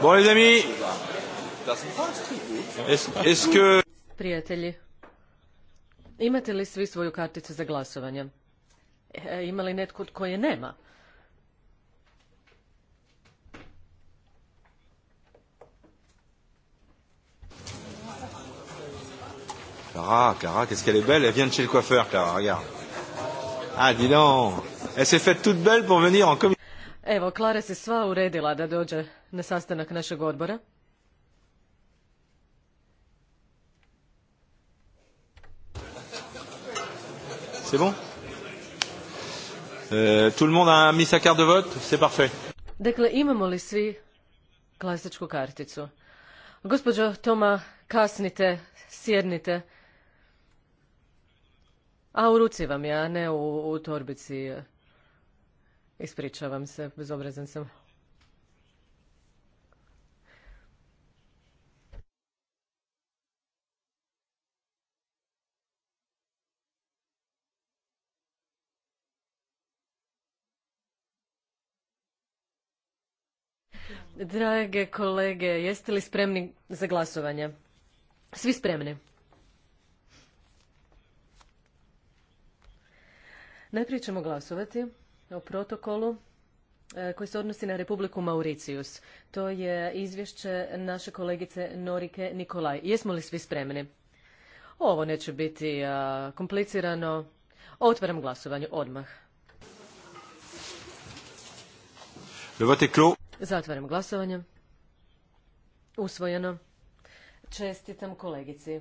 Bon les amis, est ce que Prijatelji, imate li svi svoju karticu za glasovanje? E, ima li netko tko je nema? Clara, Clara, qu'est-ce qu'elle est belle, elle vient de chez le coiffeur, Clara, regarde. Ah, dis donc, elle s'est faite toute belle pour venir en commission. Evo, Klara se sva uredila da dođe na sastanak našeg odbora. C'est bon euh, Tout le monde a mis sa carte de vote C'est parfait. Dakle, imamo li svi klasičku karticu? Gospođo Toma, kasnite, sjednite. A u ruci vam ja, ne u, u torbici Ispričavam se, bezobrazan sam. Drage kolege, jeste li spremni za glasovanje? Svi spremni. Najprije ćemo glasovati o protokolu e, koji se odnosi na Republiku Mauricius. To je izvješće naše kolegice Norike Nikolaj. Jesmo li svi spremni? Ovo neće biti e, komplicirano. Otvaram glasovanje odmah. Zatvaram glasovanje. Usvojeno. Čestitam kolegici.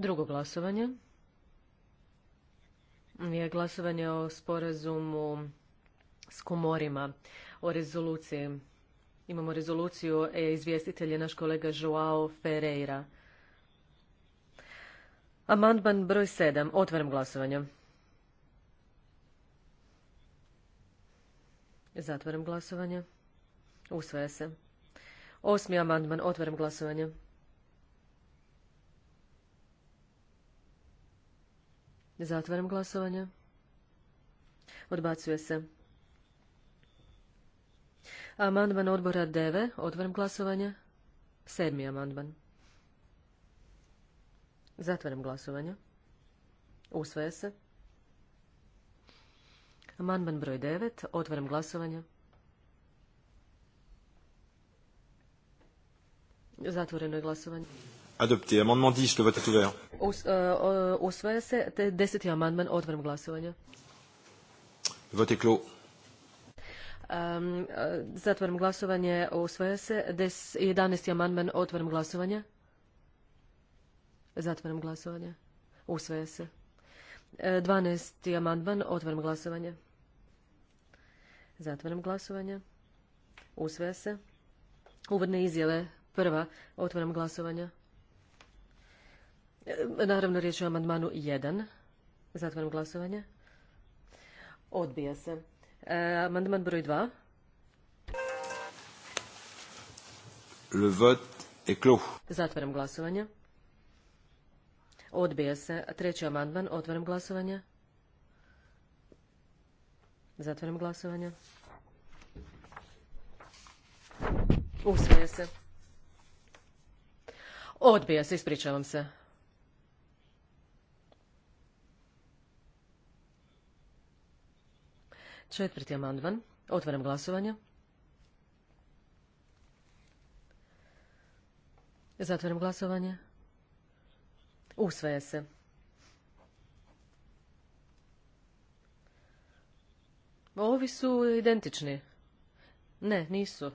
Drugo glasovanje je glasovanje o sporazumu s komorima, o rezoluciji. Imamo rezoluciju, e, izvjestitelj je naš kolega Joao Ferreira. Amandman broj sedam, Otvaram glasovanje. Zatvaram glasovanje. Usvaja se. Osmi amandman. Otvaram glasovanje. Zatvaram glasovanje. Odbacuje se. Amandman odbora 9. Otvaram glasovanje. Sedmi amandman. Zatvaram glasovanje. Usvaja se. Amandman broj 9. Otvaram glasovanje. Zatvoreno je glasovanje. Adopté. Amendement 10, le vote est ouvert. E, e, usvaja se te amandman, otvaram glasovanje. Vote est clos. E, zatvaram glasovanje, usvaja se. Des, 11. amandman, otvaram glasovanje. Zatvaram glasovanje. Usvaja se. 12. amandman, otvaram glasovanje. Zatvaram glasovanje. Usvaja se. Uvodne izjave, prva, otvaram glasovanje. Naravno, riječ je o amandmanu 1. Zatvaram glasovanje. Odbija se. E, amandman broj 2. Le Zatvaram glasovanje. Odbija se. Treći amandman. Otvaram glasovanje. Zatvaram glasovanje. Usvije se. Odbija se, ispričavam se. Četvrti amandman. Otvaram glasovanje. Zatvaram glasovanje. Usvaja se. Ovi su identični. Ne, nisu.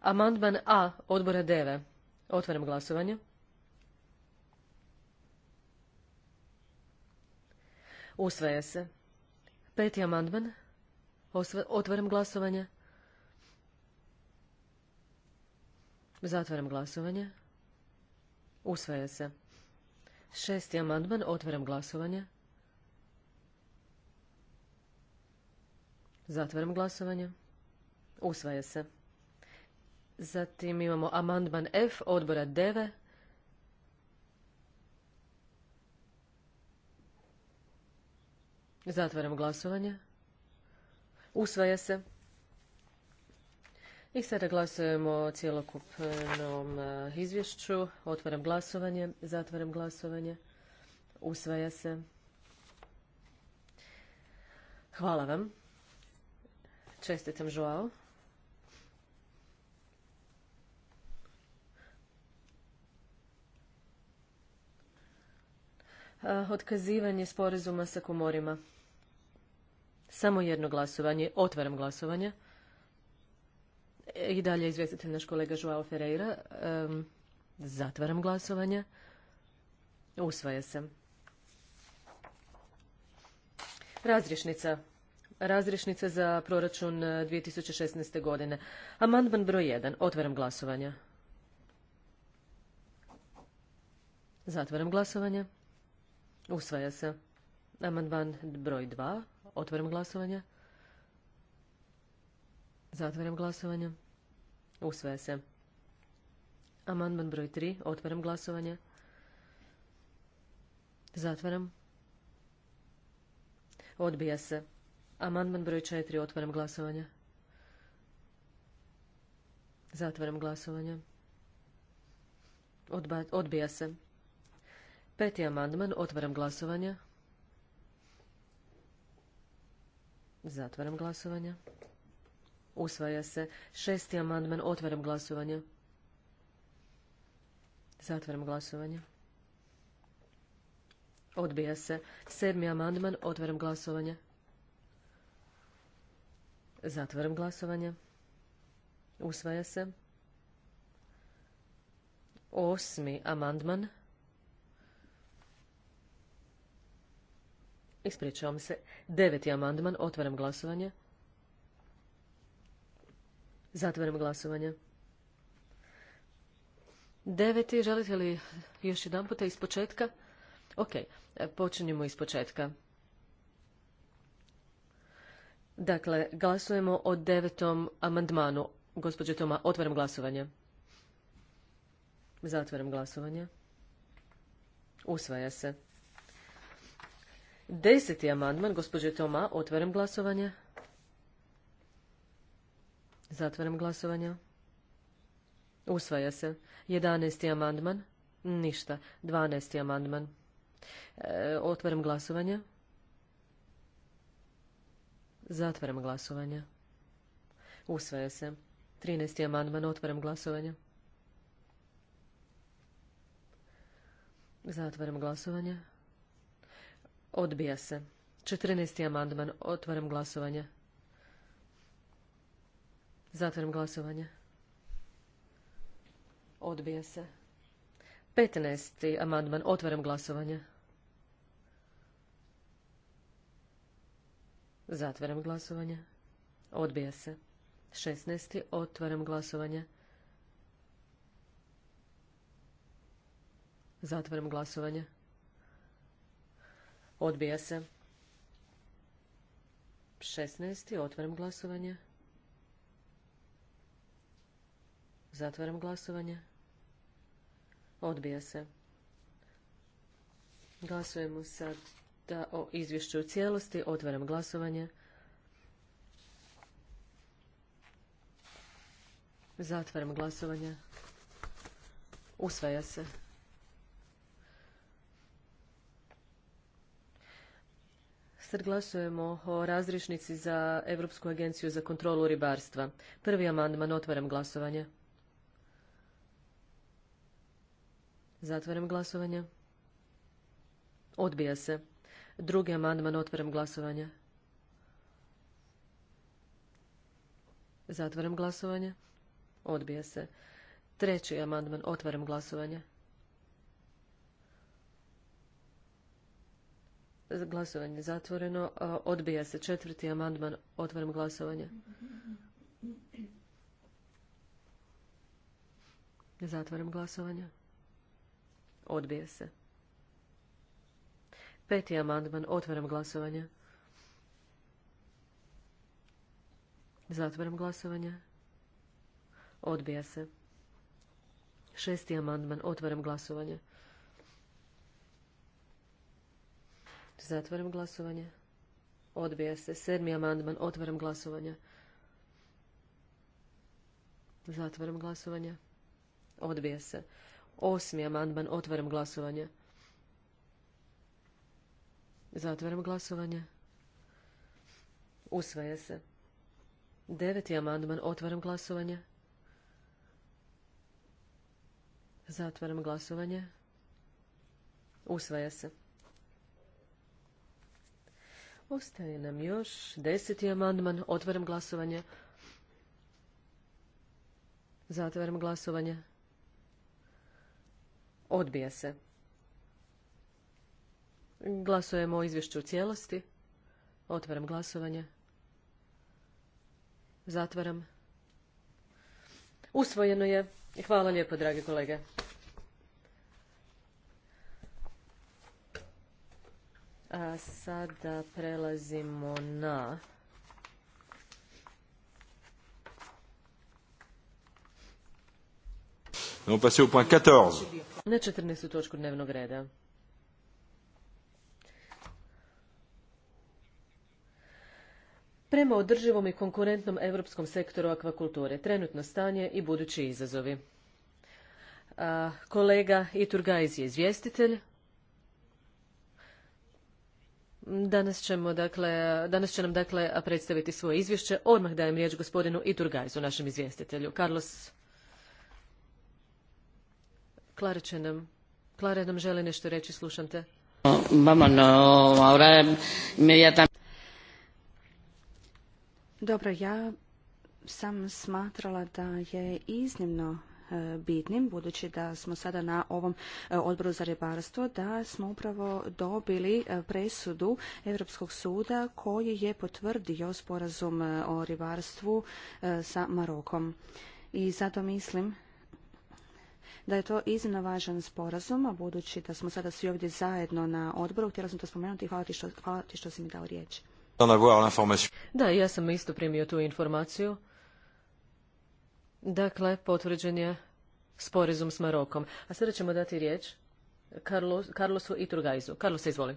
Amandman A odbora DEVE. Otvaram glasovanje. Usvaja se. Peti amandman. Otvaram glasovanje. Zatvaram glasovanje. Usvaja se. Šesti amandman. Otvaram glasovanje. Zatvaram glasovanje. Usvaja se. Zatim imamo amandman F odbora 9. Zatvaram glasovanje. Usvaja se. I sada glasujemo o cijelokupnom e, izvješću. Otvaram glasovanje, zatvaram glasovanje. Usvaja se. Hvala vam. Čestitam žao. E, otkazivanje sporazuma sa komorima. Samo jedno glasovanje. Otvaram glasovanje. I dalje izvjestitelj naš kolega Joao Ferreira. zatvaram glasovanje. Usvaja se. Razrišnica. Razrišnica za proračun 2016. E, godine. Amandman broj 1. Otvaram glasovanje. Zatvaram glasovanje. Usvaja se. Amandman broj 2. Otvaram glasovanje. Zatvaram glasovanje. Usvaja se. Amandman broj 3. Otvaram glasovanje. Zatvaram. Odbija se. Amandman broj 4. Otvaram glasovanje. Zatvaram glasovanje. odbija se. Peti amandman. Otvaram glasovanje. Zatvaram glasovanje. Usvaja se. Šesti amandman. Otvaram glasovanje. Zatvaram glasovanje. Odbija se. Sedmi amandman. Otvaram glasovanje. Zatvaram glasovanje. Usvaja se. Osmi amandman. Ispričavam se. Deveti amandman. Otvaram glasovanje. Zatvaram glasovanje. Deveti. Želite li još jedan puta iz početka? Ok. Počinjemo iz početka. Dakle, glasujemo o devetom amandmanu. Gospodje Toma, otvaram glasovanje. Zatvaram glasovanje. Usvaja se. Deseti amandman, gospođe Toma, otvaram glasovanje. Zatvaram glasovanje. Usvaja se. Jedanesti amandman. Ništa. Dvanesti amandman. Otvorem otvaram glasovanje. Zatvaram glasovanje. Usvaja se. Trinesti amandman. Otvaram glasovanje. Zatvaram glasovanje. Odbija se. 14. amandman. Otvaram glasovanje. Zatvaram glasovanje. Odbija se. 15. amandman. Otvaram glasovanje. Zatvaram glasovanje. Odbija se. 16. Otvaram glasovanje. Zatvaram glasovanje. Odbija se. 16. Otvaram glasovanje. Zatvaram glasovanje. Odbija se. Glasujemo sada o izvješću u cijelosti. Otvaram glasovanje. Zatvaram glasovanje. Usvaja se. Sad glasujemo o razrišnici za Europsku agenciju za kontrolu ribarstva. Prvi amandman, otvaram glasovanje. Zatvaram glasovanje. Odbija se. Drugi amandman, otvaram glasovanje. Zatvaram glasovanje. Odbija se. Treći amandman, otvaram glasovanje. Glasovanje zatvoreno. Odbija se četvrti amandman. Otvaram glasovanje. Zatvaram glasovanje. Odbija se. Peti amandman. Otvaram glasovanje. Zatvaram glasovanje. Odbija se. Šesti amandman. Otvaram glasovanje. Zatvaram glasovanje. Odbija se. Sedmi amandman. Otvaram glasovanje. Zatvaram glasovanje. Odbija se. Osmi amandman. Otvaram glasovanje. Zatvaram glasovanje. Usvaja se. Deveti amandman. Otvaram glasovanje. Zatvaram glasovanje. Usvaja se. Ostaje nam još deseti amandman. Otvaram glasovanje. Zatvaram glasovanje. Odbija se. Glasujemo o izvješću u cijelosti. Otvaram glasovanje. Zatvaram. Usvojeno je. Hvala lijepo, dragi kolege. A sada prelazimo na Nous au point 14. Na 14. točku dnevnog reda. Prema održivom i konkurentnom europskom sektoru akvakulture, trenutno stanje i budući izazovi. kolega Iturgajz je izvjestitelj. Danas ćemo, dakle, će nam dakle predstaviti svoje izvješće. Odmah dajem riječ gospodinu Iturgajzu, našem izvjestitelju. Carlos, Klara nam, Klara nam želi nešto reći, slušam te. Dobro, ja sam smatrala da je iznimno E, bitnim, budući da smo sada na ovom e, odboru za ribarstvo, da smo upravo dobili e, presudu Europskog suda koji je potvrdio sporazum o ribarstvu sa Marokom. I zato mislim da je to iznimno važan sporazum, a budući da smo sada svi ovdje zajedno na odboru, htjela sam to spomenuti i hvala hvala ti što si mi dao riječ. Da, ja sam isto primio tu informaciju. Dakle, potvrđen je sporezum s Marokom. A sada ćemo dati riječ Carlos, Carlosu i Turgajzu. Carlos, izvoli.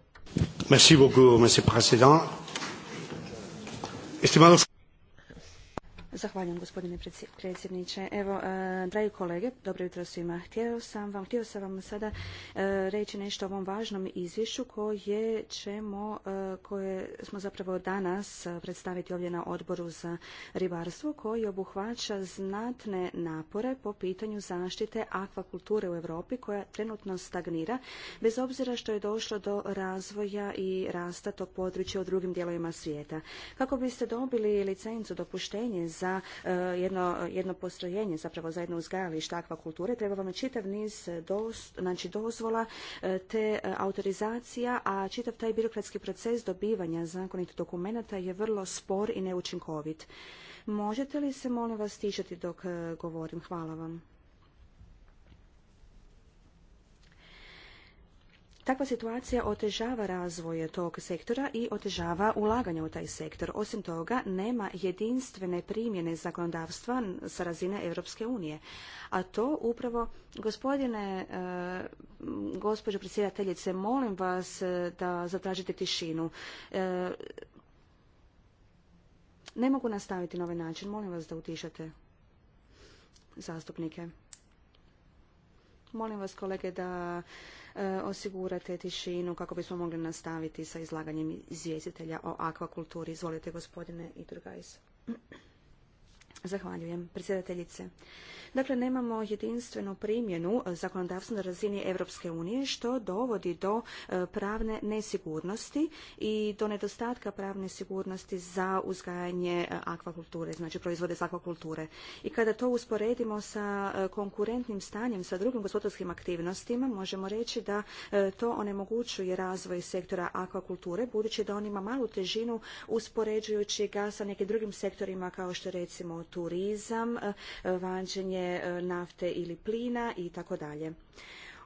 Merci beaucoup, monsieur président. Estimados Zahvaljujem gospodine predsjedniče. Evo, e, dragi kolege, dobro jutro svima. Htio sam vam, htio sam vam sada e, reći nešto o ovom važnom izvješću koje ćemo, e, koje smo zapravo danas predstaviti ovdje na odboru za ribarstvo koji obuhvaća znatne napore po pitanju zaštite akvakulture u Europi koja trenutno stagnira bez obzira što je došlo do razvoja i rasta tog područja u drugim dijelovima svijeta. Kako biste dobili licencu dopuštenje za za e, jedno, jedno postrojenje, zapravo za jedno uzgajalište akvakulture, treba vam čitav niz e, znači dozvola e, te autorizacija, a čitav taj birokratski proces dobivanja zakonitih dokumenata je vrlo spor i neučinkovit. Možete li se molim vas stišati dok govorim? Hvala vam. Takva situacija otežava razvoje tog sektora i otežava ulaganje u taj sektor. Osim toga, nema jedinstvene primjene zakonodavstva sa razine Europske unije. A to upravo, gospodine, e, gospođo predsjedateljice, molim vas e, da zatražite tišinu. E, ne mogu nastaviti na ovaj način. Molim vas da utišate zastupnike. Molim vas kolege da E, osigurate tišinu kako bismo mogli nastaviti sa izlaganjem izvjestitelja o akvakulturi. Izvolite gospodine Iturgajs. Zahvaljujem, predsjedateljice. Dakle, nemamo jedinstvenu primjenu zakonodavstva na razini Europske unije, što dovodi do e, pravne nesigurnosti i do nedostatka pravne sigurnosti za uzgajanje e, akvakulture, znači proizvode iz akvakulture. I kada to usporedimo sa e, konkurentnim stanjem, sa drugim gospodarskim aktivnostima, možemo reći da to onemogućuje razvoj sektora akvakulture, budući da on ima malu težinu uspoređujući ga sa nekim drugim sektorima, kao što recimo turizam, eh, vađenje eh, nafte ili plina i tako dalje.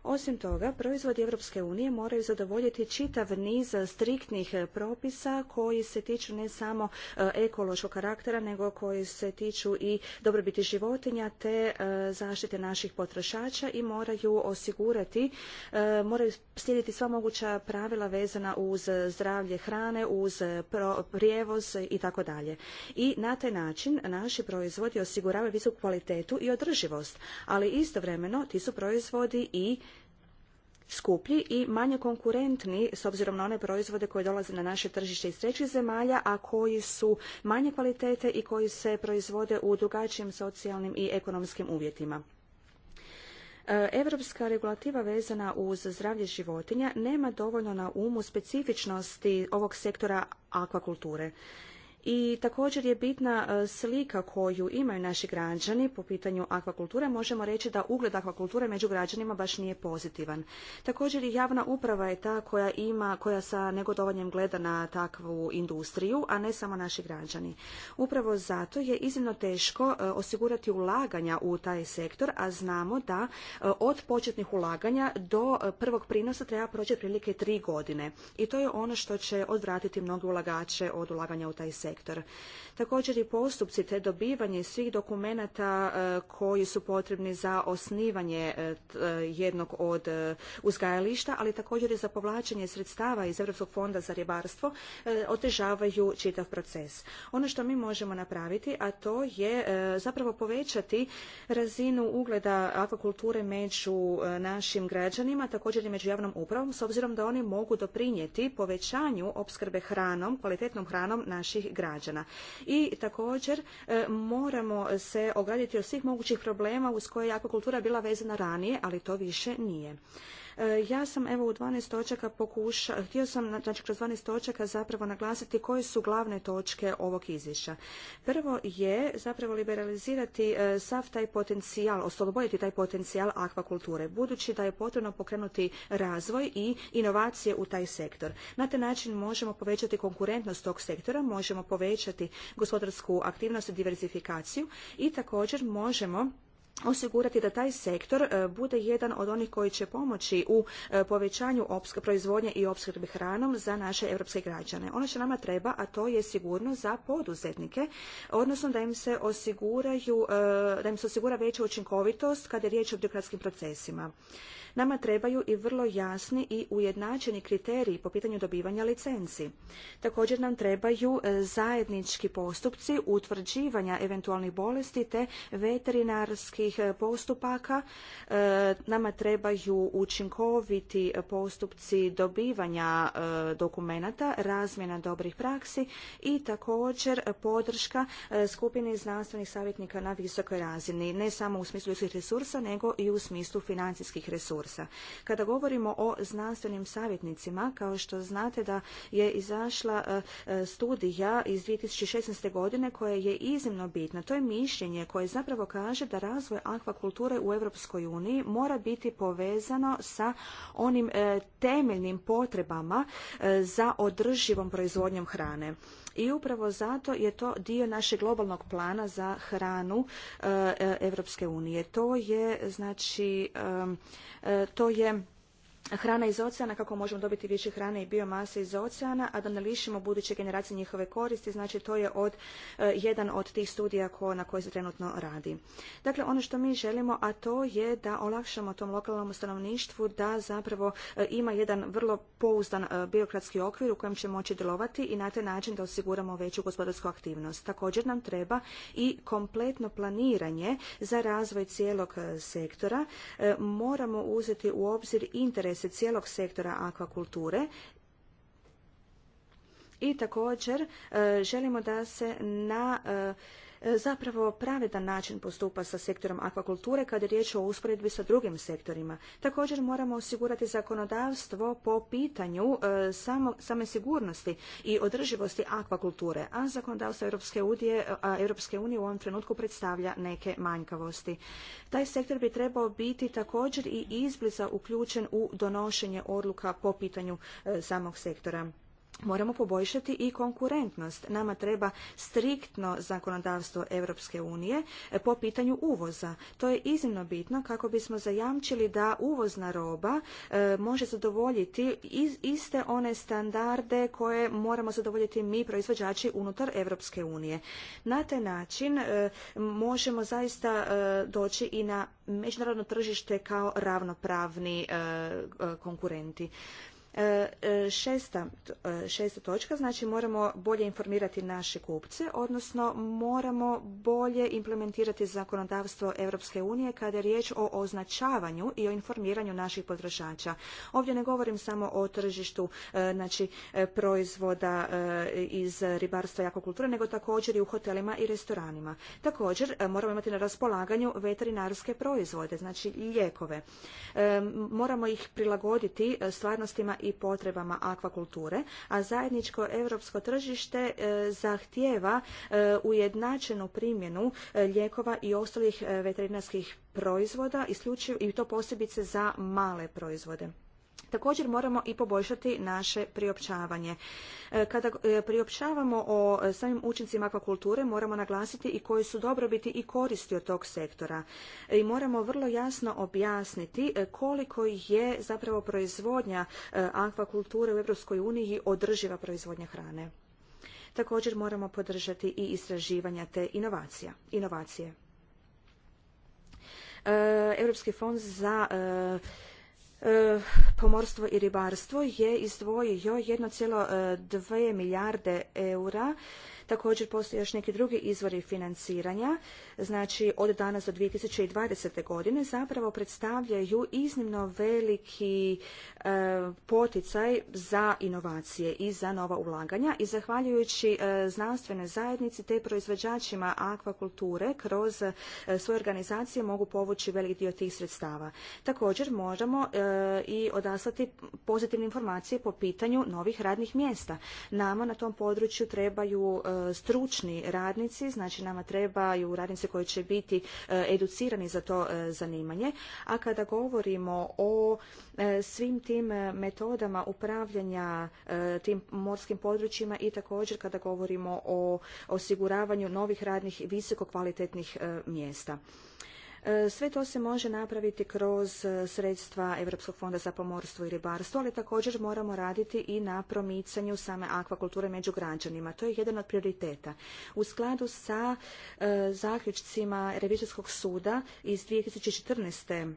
Osim toga, proizvodi Europske unije moraju zadovoljiti čitav niz striktnih propisa koji se tiču ne samo e, ekološkog karaktera, nego koji se tiču i dobrobiti životinja te e, zaštite naših potrošača i moraju osigurati, e, moraju slijediti sva moguća pravila vezana uz zdravlje hrane, uz prijevoz i tako dalje. I na taj način naši proizvodi osiguravaju visoku kvalitetu i održivost, ali istovremeno ti su proizvodi i skuplji i manje konkurentni s obzirom na one proizvode koji dolaze na naše tržište iz trećih zemalja, a koji su manje kvalitete i koji se proizvode u drugačijim socijalnim i ekonomskim uvjetima. Europska regulativa vezana uz zdravlje životinja nema dovoljno na umu specifičnosti ovog sektora akvakulture i također je bitna e, slika koju imaju naši građani po pitanju akvakulture. Možemo reći da ugled akvakulture među građanima baš nije pozitivan. Također i javna uprava je ta koja ima, koja sa negodovanjem gleda na takvu industriju, a ne samo naši građani. Upravo zato je iznimno teško e, osigurati ulaganja u taj sektor, a znamo da e, od početnih ulaganja do prvog prinosa treba proći prilike tri godine. I to je ono što će odvratiti mnoge ulagače od ulaganja u taj sektor sektor. Također i postupci te dobivanje svih dokumenata e, koji su potrebni za osnivanje e, e, jednog od uzgajališta, ali također i za povlačenje sredstava iz Europskog fonda za ribarstvo otežavaju čitav proces. Ono što mi možemo napraviti, a to je zapravo povećati razinu ugleda akvakulture među našim građanima, također i među javnom upravom, s obzirom da oni mogu doprinijeti povećanju opskrbe hranom, kvalitetnom hranom naših građana građana. I također e, moramo se ograditi od svih mogućih problema uz koje je akvakultura bila vezana ranije, ali to više nije. E, ja sam evo u 12 točaka pokušao, htio sam znači kroz 12 točaka zapravo naglasiti koje su glavne točke ovog izvješća. Prvo je zapravo liberalizirati e, sav taj potencijal, osloboditi taj potencijal akvakulture, budući da je potrebno pokrenuti razvoj i inovacije u taj sektor. Na taj način možemo povećati konkurentnost tog sektora, možemo povećati gospodarsku aktivnost i diversifikaciju i također možemo osigurati da taj sektor e, bude jedan od onih koji će pomoći u e, povećanju proizvodnje i opskrbe hranom za naše europske građane. Ono što nama treba, a to je sigurno za poduzetnike, odnosno da im se osiguraju, e, da im se osigura veća učinkovitost kada je riječ o birokratskim procesima. Nama trebaju i vrlo jasni i ujednačeni kriteriji po pitanju dobivanja licenci. Također nam trebaju zajednički postupci utvrđivanja eventualnih bolesti te veterinarski sudskih e, postupaka. E, nama trebaju učinkoviti postupci dobivanja e, dokumenata, razmjena dobrih praksi i također podrška skupini znanstvenih savjetnika na visokoj razini, ne samo u smislu ljudskih resursa, nego i u smislu financijskih resursa. Kada govorimo o znanstvenim savjetnicima, kao što znate da je izašla studija iz 2016. godine koja je iznimno bitna. To je mišljenje koje zapravo kaže da razvoj razvoj dakle, akvakulture u Europskoj uniji mora biti povezano sa onim e, temeljnim potrebama e, za održivom proizvodnjom hrane. I upravo zato je to dio našeg globalnog plana za hranu e, Europske unije. To je znači to je hrana iz oceana, kako možemo dobiti više hrane i biomase iz oceana, a da ne lišimo buduće generacije njihove koristi, znači to je od, e, jedan od tih studija na koje se trenutno radi. Dakle, ono što mi želimo, a to je da olakšamo tom lokalnom stanovništvu da zapravo e, ima jedan vrlo pouzdan e, biokratski okvir u kojem će moći djelovati i na taj način da osiguramo veću gospodarsku aktivnost. Također nam treba i kompletno planiranje za razvoj cijelog sektora. Moramo uzeti u obzir interes interese cijelog sektora akvakulture i također e, želimo da se na e, zapravo pravedan način postupa sa sektorom akvakulture kada je riječ o usporedbi sa drugim sektorima. Također moramo osigurati zakonodavstvo po pitanju e, same sigurnosti i održivosti akvakulture, a zakonodavstvo Europske unije, Europske unije u ovom trenutku predstavlja neke manjkavosti. Taj sektor bi trebao biti također i izbliza uključen u donošenje odluka po pitanju e, samog sektora moramo poboljšati i konkurentnost. Nama treba striktno zakonodavstvo Europske unije e, po pitanju uvoza. To je iznimno bitno kako bismo zajamčili da uvozna roba e, može zadovoljiti iste one standarde koje moramo zadovoljiti mi proizvođači unutar Europske unije. Na taj način e, možemo zaista doći i na međunarodno tržište kao ravnopravni konkurenti. E, e, šesta, e, šesta točka, znači moramo bolje informirati naše kupce, odnosno moramo bolje implementirati zakonodavstvo Europske unije kada je riječ o označavanju i o informiranju naših potrošača. Ovdje ne govorim samo o tržištu znači, proizvoda iz ribarstva i akvakulture, nego također i u hotelima i restoranima. Također moramo imati na raspolaganju veterinarske proizvode, znači lijekove. Moramo ih prilagoditi stvarnostima i potrebama akvakulture, a zajedničko europsko tržište e, zahtijeva e, ujednačenu primjenu e, lijekova i ostalih veterinarskih proizvoda i to posebice za male proizvode. Također moramo i poboljšati naše priopćavanje. E, kada e, priopćavamo o samim učincima akvakulture, moramo naglasiti i koji su dobrobiti i koristi od tog sektora. E, I moramo vrlo jasno objasniti koliko je zapravo proizvodnja akvakulture u EU uniji održiva proizvodnja hrane. Također moramo podržati i istraživanja te inovacija, inovacije. Europski fond za E, pomorstvo i ribarstvo je izdvojio 1,2 e, milijarde eura Također postoje još neki drugi izvori financiranja, znači od danas do 2020. godine zapravo predstavljaju iznimno veliki e, poticaj za inovacije i za nova ulaganja i zahvaljujući e, znanstvenoj zajednici te proizvođačima akvakulture kroz e, svoje organizacije mogu povući velik dio tih sredstava. Također možemo e, i odaslati pozitivne informacije po pitanju novih radnih mjesta. Nama na tom području trebaju stručni radnici, znači nama trebaju radnici koji će biti e, educirani za to e, zanimanje, a kada govorimo o e, svim tim metodama upravljanja tim morskim područjima i također kada govorimo o osiguravanju novih radnih i kvalitetnih mjesta. E, sve to se može napraviti kroz e, sredstva Europskog fonda za pomorstvo i ribarstvo, ali također moramo raditi i na promicanju same akvakulture među građanima. To je jedan od prioriteta. U skladu sa e, zaključcima Revizijskog suda iz 2014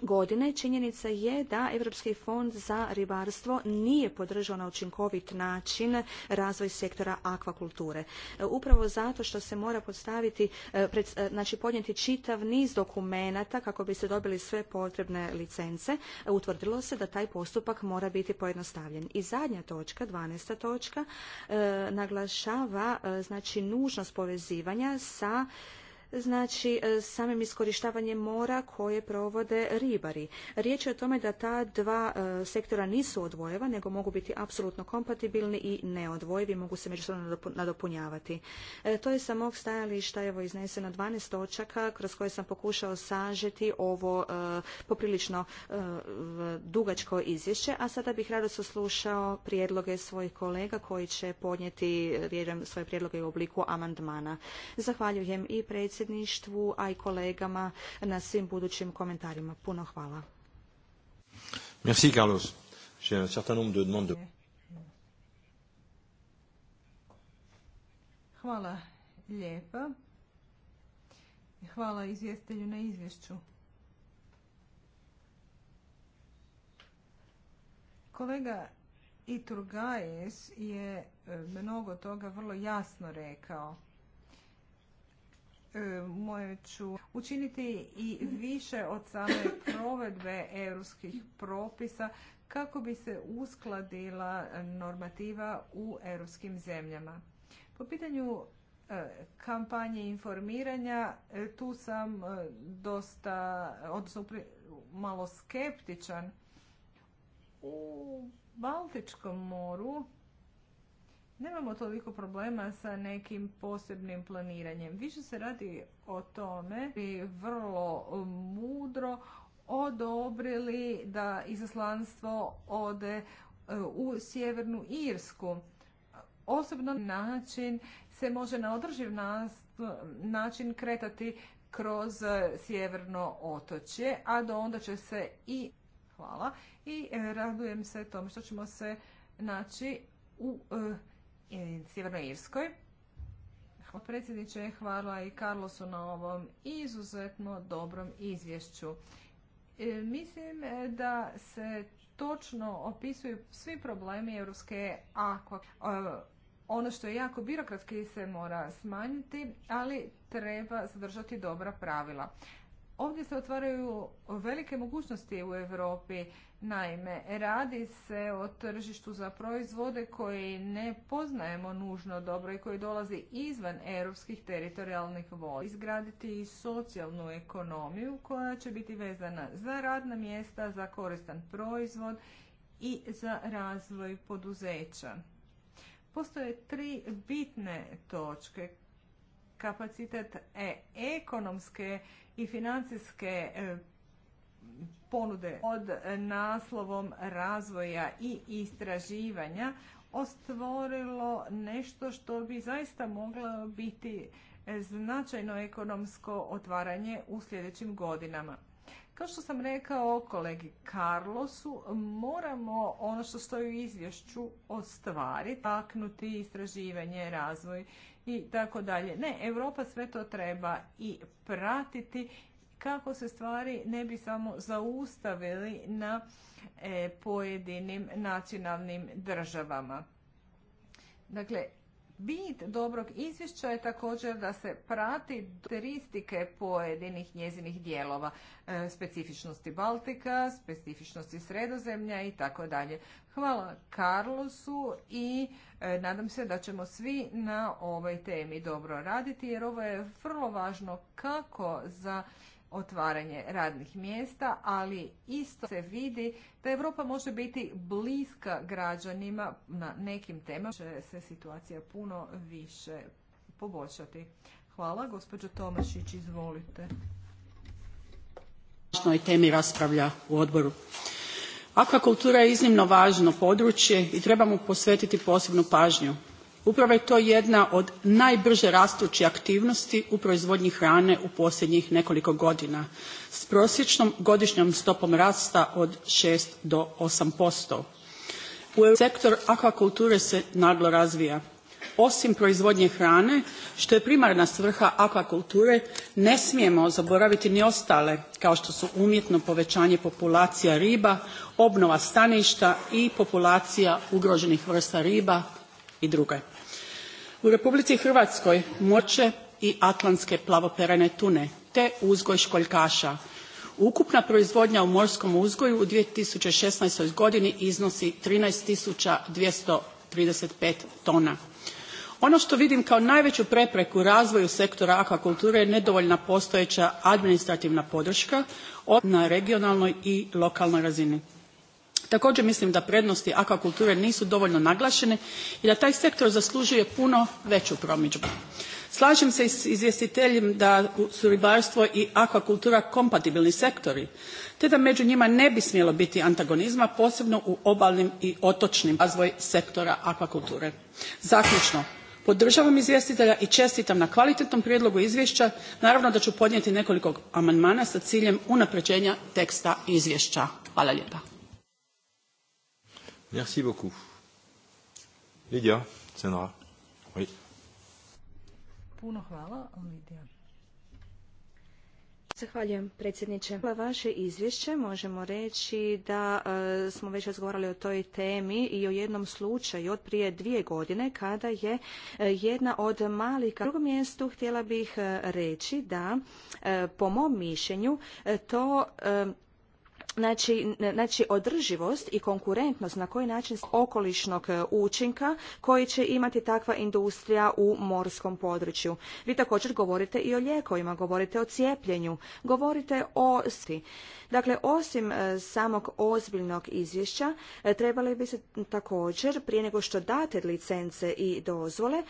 godine činjenica je da Europski fond za ribarstvo nije podržao na učinkovit način razvoj sektora akvakulture. E, upravo zato što se mora postaviti, e, e, znači podnijeti čitav niz dokumenata kako bi se dobili sve potrebne licence, utvrdilo se da taj postupak mora biti pojednostavljen. I zadnja točka, 12. točka, naglašava znači nužnost povezivanja sa znači e, samim iskorištavanjem mora koje provode ribari. Riječ je o tome da ta dva e, sektora nisu odvojeva, nego mogu biti apsolutno kompatibilni i neodvojivi, mogu se međusobno nadopunjavati. E, to je sa mog stajališta evo izneseno 12 točaka kroz koje sam pokušao sažeti ovo poprilično dugačko izvješće, a sada bih rado saslušao prijedloge svojih kolega koji će podnijeti vjerujem svoje prijedloge u obliku amandmana. Zahvaljujem i predsjedniku predsjedništvu, a i kolegama na svim budućim komentarima. Puno hvala. Merci, Carlos. Un Hvala lijepa. Hvala izvjestelju na izvješću. Kolega Iturgajes je mnogo toga vrlo jasno rekao. E, moje ću učiniti i više od same provedbe europskih propisa kako bi se uskladila normativa u europskim zemljama. Po pitanju e, kampanje informiranja e, tu sam dosta, odnosno malo skeptičan. U Baltičkom moru nemamo toliko problema sa nekim posebnim planiranjem. Više se radi o tome bi vrlo mudro odobrili da izaslanstvo ode e, u Sjevernu Irsku. Osobno način se može na održiv način kretati kroz sjeverno otočje, a do onda će se i hvala i e, radujem se tom što ćemo se naći u e, Sjevernoj Irskoj. Hvala predsjedniče, hvala i Carlosu na ovom izuzetno dobrom izvješću. E, mislim e, da se točno opisuju svi problemi europske akva. E, ono što je jako birokratski se mora smanjiti, ali treba zadržati dobra pravila. Ovdje se otvaraju velike mogućnosti u Europi. Naime, radi se o tržištu za proizvode koji ne poznajemo nužno dobro i koji dolazi izvan europskih teritorijalnih voda. Izgraditi i socijalnu ekonomiju koja će biti vezana za radna mjesta, za koristan proizvod i za razvoj poduzeća. Postoje tri bitne točke kapacitet e, ekonomske i financijske e, ponude od naslovom razvoja i istraživanja ostvorilo nešto što bi zaista moglo biti značajno ekonomsko otvaranje u sljedećim godinama. Kao što sam rekao kolegi Carlosu, moramo ono što stoji u izvješću ostvariti, taknuti istraživanje, razvoj i tako dalje. Ne, Europa sve to treba i pratiti kako se stvari ne bi samo zaustavili na e, pojedinim nacionalnim državama. Dakle, Bit dobrog izvješća je također da se prati teristike pojedinih njezinih dijelova, e, specifičnosti Baltika, specifičnosti Sredozemlja i tako dalje. Hvala Carlosu i e, nadam se da ćemo svi na ovoj temi dobro raditi jer ovo je vrlo važno kako za otvaranje radnih mjesta, ali isto se vidi da Europa može biti bliska građanima na nekim temama. Će se situacija puno više poboljšati. Hvala. Gospođo Tomašić, izvolite. temi raspravlja u odboru. Akvakultura je iznimno važno područje i trebamo posvetiti posebnu pažnju upravo je to jedna od najbrže rastućih aktivnosti u proizvodnji hrane u posljednjih nekoliko godina s prosječnom godišnjom stopom rasta od 6 do 8%. U sektor akvakulture se naglo razvija. Osim proizvodnje hrane, što je primarna svrha akvakulture, ne smijemo zaboraviti ni ostale, kao što su umjetno povećanje populacija riba, obnova staništa i populacija ugroženih vrsta riba i druge u republici hrvatskoj moe i atlantske plavoperajne tune te uzgoj koljkaa ukupna proizvodnja u morskom uzgoju u. two thousand and sixteen godini iznosi thirteen two pet tona ono to vidim kao najveu prepreku razvoju sektora akvakulture je nedovoljna postojea administrativna podrka na regionalnoj i lokalnoj razini također mislim da prednosti akvakulture nisu dovoljno naglašene i da taj sektor zaslužuje puno veću promidžbu slažem se s izvjestiteljem da su ribarstvo i akvakultura kompatibilni sektori te da među njima ne bi smjelo biti antagonizma posebno u obalnim i otočnim razvoj sektora akvakulture zaključno podržavam izvjestitelja i čestitam na kvalitetnom prijedlogu izvješća naravno da ću podnijeti nekoliko amandmana sa ciljem unapređenja teksta izvješća hvala lijepa Merci beaucoup. Lydia, Sandra. Oui. Puno hvala, Zahvaljujem predsjedniče. vaše izvješće. Možemo reći da e, smo već razgovarali o toj temi i o jednom slučaju od prije dvije godine kada je e, jedna od malih na drugom mjestu htjela bih e, reći da po mom mišljenju to Znači, znači održivost i konkurentnost na koji način okolišnog e, učinka koji će imati takva industrija u morskom području. Vi također govorite i o lijekovima, govorite o cijepljenju, govorite o svi. Dakle, osim e, samog ozbiljnog izvješća, e, trebali bi se također, prije nego što date licence i dozvole,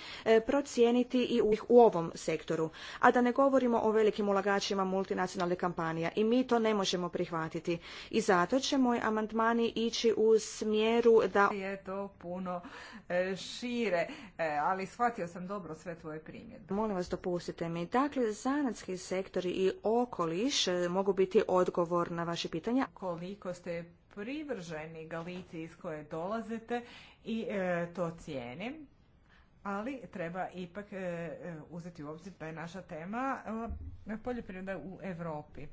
procijeniti i u, u ovom sektoru. A da ne govorimo o velikim ulagačima multinacionalnih kampanija. I mi to ne možemo prihvatiti i zato će moj amandmani ići u smjeru da je to puno e, šire, e, ali shvatio sam dobro sve tvoje primjedbe. Molim vas dopustite mi. Dakle, zanatski sektori i okoliš e, mogu biti odgovor na vaše pitanja. Koliko ste privrženi Galici iz koje dolazite i to cijenim. Ali treba ipak uzeti u obzir da je naša tema poljoprivreda u Europi.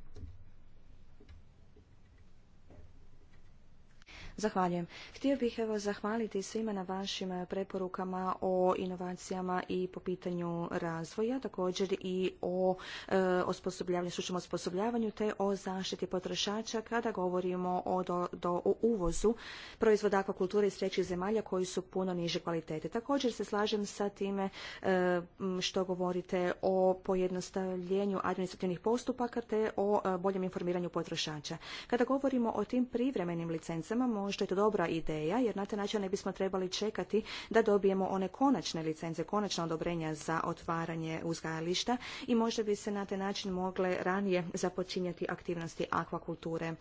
Zahvaljujem. Htio bih evo zahvaliti svima na vašim e, preporukama o inovacijama i po pitanju razvoja, također i o e, osposobljavanju, stručnom osposobljavanju te o zaštiti potrošača kada govorimo o, do, uvozu proizvoda akvakulture iz trećih zemalja koji su puno niže kvalitete. Također se slažem sa time e, što govorite o pojednostavljenju administrativnih postupaka te o boljem informiranju potrošača. Kada govorimo o tim privremenim licencama, što je to dobra ideja jer na taj način ne bismo trebali čekati da dobijemo one konačne licence, konačna odobrenja za otvaranje uzgajališta i možda bi se na taj način mogle ranije započinjati aktivnosti akvakulture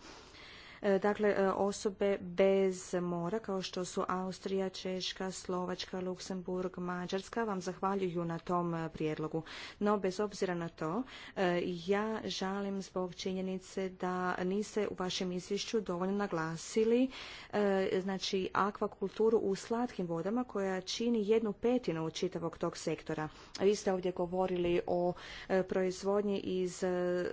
E, dakle e, osobe bez mora kao što su Austrija, Češka, Slovačka, Luksemburg, Mađarska vam zahvaljuju na tom e, prijedlogu. No bez obzira na to ja žalim zbog činjenice da niste u vašem izvješću dovoljno naglasili znači akvakulturu u slatkim vodama koja čini jednu petinu čitavog tog sektora. Vi ste ovdje govorili o proizvodnji iz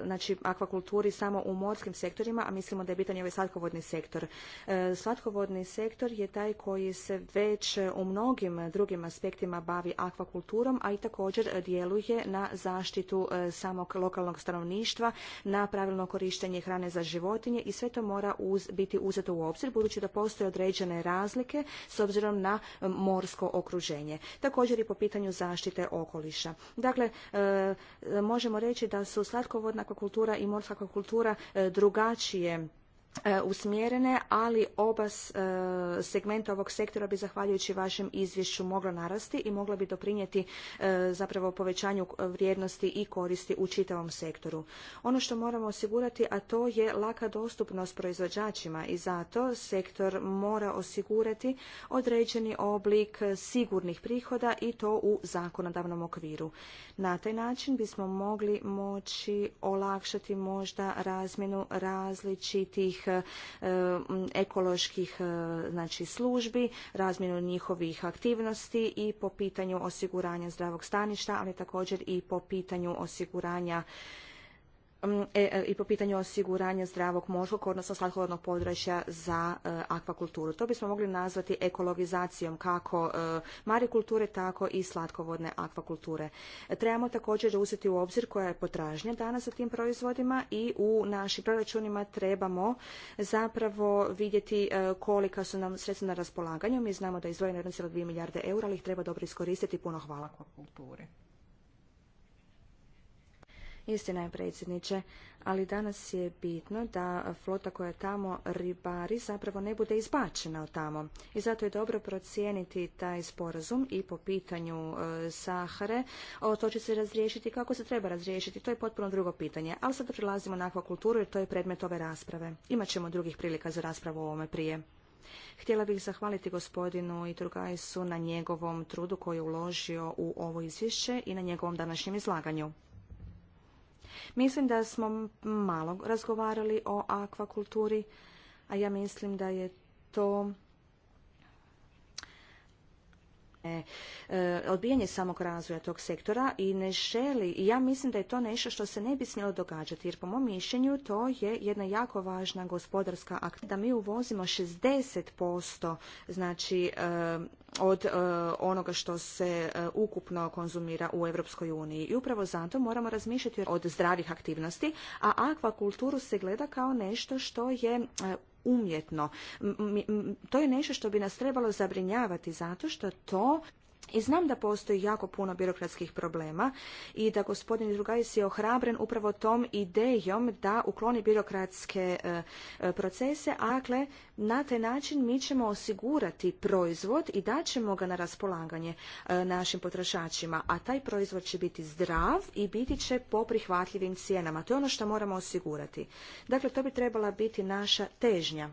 znači akvakulturi samo u morskim sektorima, a mislimo da je bitan i slatkovodni sektor. E, slatkovodni sektor je taj koji se već u mnogim drugim aspektima bavi akvakulturom, a i također djeluje na zaštitu e, samog lokalnog stanovništva, na pravilno korištenje hrane za životinje i sve to mora biti uzeto u obzir budući da postoje određene razlike s obzirom na morsko okruženje. Također i po pitanju zaštite okoliša. Dakle, e, možemo reći da su slatkovodna akvakultura i morska akvakultura drugačije E, usmjerene, ali oba e, segmenta ovog sektora bi zahvaljujući vašem izvješću mogla narasti i mogla bi doprinijeti e, zapravo povećanju vrijednosti i koristi u čitavom sektoru. Ono što moramo osigurati, a to je laka dostupnost proizvođačima i zato sektor mora osigurati određeni oblik sigurnih prihoda i to u zakonodavnom okviru. Na taj način bismo mogli moći olakšati možda razmjenu različitih Eh, mm, ekoloških eh, znači službi, razmjenu njihovih aktivnosti i po pitanju osiguranja zdravog staništa, ali također i po pitanju osiguranja Mm, e, e, i po pitanju osiguranja zdravog morskog, odnosno slatkovodnog područja za e, akvakulturu. To bismo mogli nazvati ekologizacijom kako marikulture, tako i slatkovodne akvakulture. trebamo također uzeti u obzir koja je potražnja danas za tim proizvodima i u našim proračunima trebamo zapravo vidjeti kolika su nam sredstva na raspolaganju. Mi znamo da je izdvojeno 1,2 milijarde eura, ali ih treba dobro iskoristiti. Puno hvala akvakulturi. Istina je predsjedniče, ali danas je bitno da flota koja tamo ribari zapravo ne bude izbačena od tamo. I zato je dobro procijeniti taj sporazum i po pitanju e, Sahare. O, to će se razriješiti kako se treba razriješiti. To je potpuno drugo pitanje. Ali sada prilazimo na akvakulturu jer to je predmet ove rasprave. Imaćemo drugih prilika za raspravu o ovome prije. Htjela bih zahvaliti gospodinu Iturgajsu na njegovom trudu koji je uložio u ovo izvješće i na njegovom današnjem izlaganju. Mislim da smo malo razgovarali o akvakulturi, a ja mislim da je to E, odbijanje samog razvoja tog sektora i ne želi i ja mislim da je to nešto što se ne bi smjelo događati jer po mom mišljenju to je jedna jako važna gospodarska aktivnost da mi uvozimo 60% znači e, od e, onoga što se ukupno konzumira u Europskoj uniji i upravo zato moramo razmišljati od zdravih aktivnosti a akvakulturu se gleda kao nešto što je umjetno. To je nešto što bi nas trebalo zabrinjavati zato što to i znam da postoji jako puno birokratskih problema i da gospodin Drugajs je ohrabren upravo tom idejom da ukloni birokratske e, e, procese, a dakle na taj način mi ćemo osigurati proizvod i daćemo ga na raspolaganje e, našim potrošačima, a taj proizvod će biti zdrav i biti će po prihvatljivim cijenama. To je ono što moramo osigurati. Dakle, to bi trebala biti naša težnja.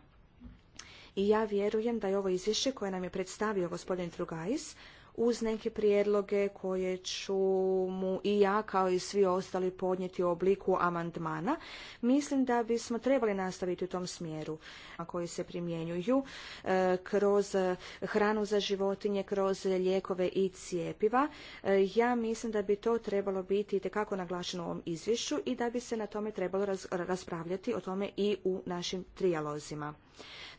I ja vjerujem da je ovo izvješće koje nam je predstavio gospodin Trugajs, uz neke prijedloge koje ću mu i ja kao i svi ostali podnijeti u obliku amandmana. Mislim da bismo trebali nastaviti u tom smjeru koji se primjenjuju e, kroz hranu za životinje, kroz lijekove i cijepiva. E, ja mislim da bi to trebalo biti itekako naglašeno u ovom izvješću i da bi se na tome trebalo raspravljati o tome i u našim trijalozima.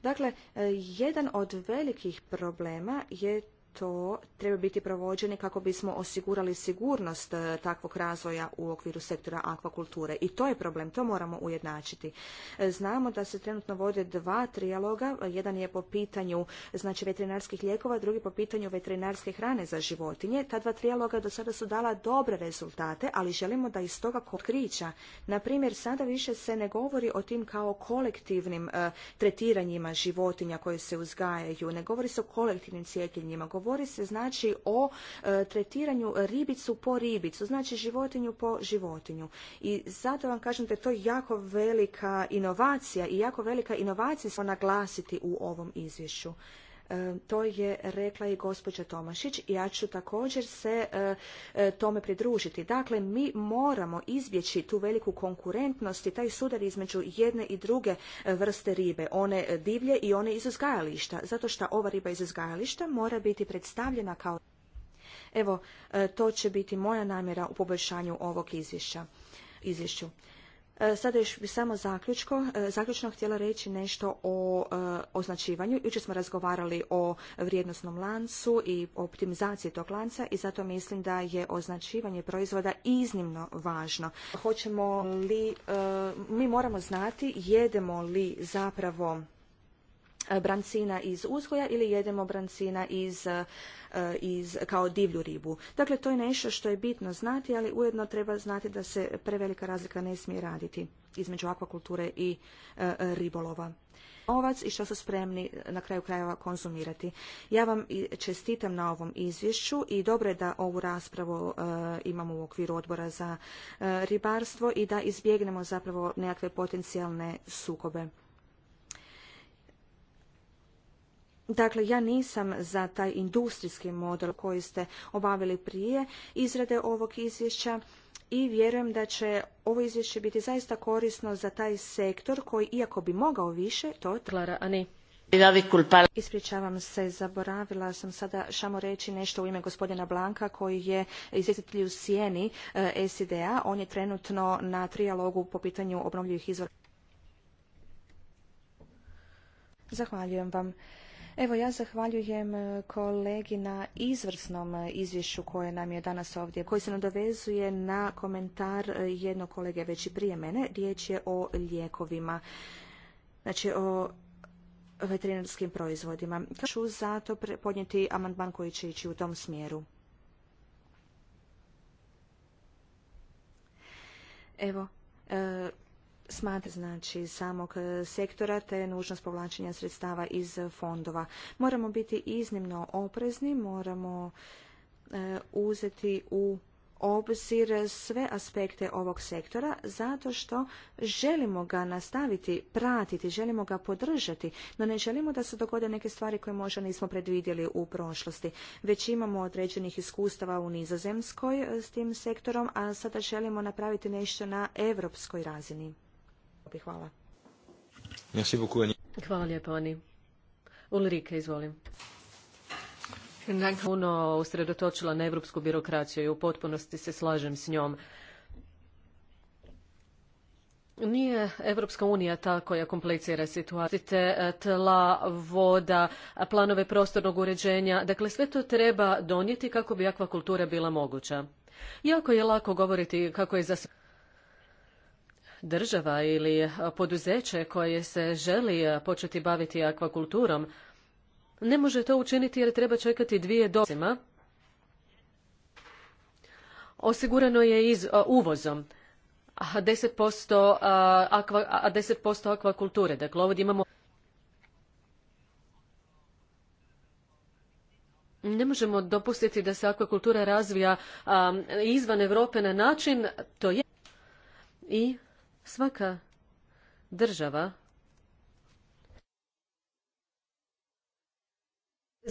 Dakle, e, jedan od velikih problema je to treba biti provođene kako bismo osigurali sigurnost e, takvog razvoja u okviru sektora akvakulture. I to je problem, to moramo ujednačiti. E, znamo da se trenutno vode dva trijaloga, jedan je po pitanju znači veterinarskih lijekova, drugi po pitanju veterinarske hrane za životinje. Ta dva trijaloga do sada su dala dobre rezultate, ali želimo da iz toga otkrića. Na primjer, sada više se ne govori o tim kao kolektivnim e, tretiranjima životinja koje se uzgajaju, ne govori se o kolektivnim cijepljenjima, Govori se znači o e, tretiranju ribicu po ribicu, znači životinju po životinju. I zato vam kažem da je to jako velika inovacija i jako velika inovacija se naglasiti u ovom izvješću. E, to je rekla i gospođa Tomašić i ja ću također se e, e, tome pridružiti. Dakle, mi moramo izbjeći tu veliku konkurentnost i taj sudar između jedne i druge vrste ribe, one divlje i one iz uzgajališta, zato što ova riba iz uzgajališta mora biti predstavljena kao Evo, to će biti moja namjera u poboljšanju ovog izvješća. izvješću. E, sada još bi samo zaključko, e, zaključno htjela reći nešto o e, označivanju. Jučer smo razgovarali o vrijednosnom lancu i optimizaciji tog lanca i zato mislim da je označivanje proizvoda iznimno važno. Hoćemo li, mi moramo znati jedemo li zapravo E, brancina iz uzgoja ili jedemo brancina iz, e, iz, kao divlju ribu. Dakle, to je nešto što je bitno znati, ali ujedno treba znati da se prevelika razlika ne smije raditi između akvakulture i e, ribolova Ovac i što su spremni na kraju krajeva konzumirati. Ja vam čestitam na ovom izvješću i dobro je da ovu raspravu imamo u okviru odbora za ribarstvo i da izbjegnemo zapravo nekakve potencijalne sukobe. Dakle, ja nisam za taj industrijski model koji ste obavili prije izrade ovog izvješća i vjerujem da će ovo izvješće biti zaista korisno za taj sektor koji, iako bi mogao više, to... Klara, ne. Ispričavam se, zaboravila sam sada samo reći nešto u ime gospodina Blanka koji je izvjestitelj u sjeni eh, SID-a. On je trenutno na trijalogu po pitanju obnovljivih izvora. Zahvaljujem vam. Evo ja zahvaljujem e, kolegi na izvrsnom e, izvješću koje nam je danas ovdje, koji se nadovezuje na komentar e, jednog kolege već i prije mene. Riječ je o lijekovima, znači o veterinarskim proizvodima. Kako ću zato podnijeti amandman koji će ići u tom smjeru? Evo, smatra znači samog e, sektora te nužnost povlačenja sredstava iz fondova. Moramo biti iznimno oprezni, moramo e, uzeti u obzir sve aspekte ovog sektora zato što želimo ga nastaviti pratiti, želimo ga podržati, no ne želimo da se dogode neke stvari koje možda nismo predvidjeli u prošlosti. Već imamo određenih iskustava u Nizozemskoj e, s tim sektorom, a sada želimo napraviti nešto na europskoj razini. Hvala. Hvala lijepo, Ani. Ulrike, izvolim. Puno usredotočila na evropsku birokraciju i u potpunosti se slažem s njom. Nije Evropska unija ta koja komplicira situaciju. Tla, voda, planove prostornog uređenja, dakle sve to treba donijeti kako bi akvakultura bila moguća. Jako je lako govoriti kako je za država ili poduzeće koje se želi eh, početi baviti akvakulturom ne može to učiniti jer treba čekati dvije dozima. Osigurano je iz, eh, uvozom, a 10%, eh, akva, a akvakulture. Dakle, ovdje imamo... Ne možemo dopustiti da se akvakultura razvija izvan Europe na način, to je i Svaka država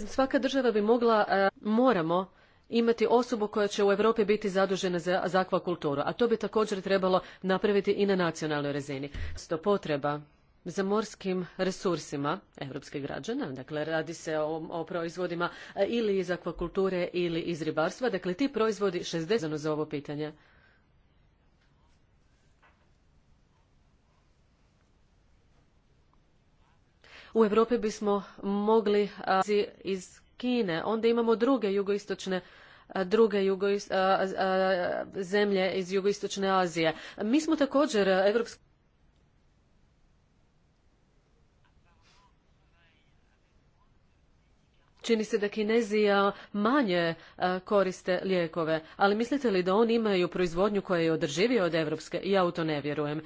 Svaka država bi mogla, e, moramo imati osobu koja će u Europi biti zadužena za, akvakulturu, a to bi također trebalo napraviti i na nacionalnoj razini. Sto potreba za morskim resursima europskih građana, dakle radi se o, proizvodima e, ili iz akvakulture ili iz ribarstva, dakle ti proizvodi 60 za ovo pitanje. u Europi bismo mogli iz Kine, onda imamo druge jugoistočne druge zemlje iz jugoistočne Azije. Mi smo također Čini se da Kinezija manje koriste lijekove, ali mislite li da oni imaju proizvodnju koja je održivija od evropske? Ja u to ne vjerujem.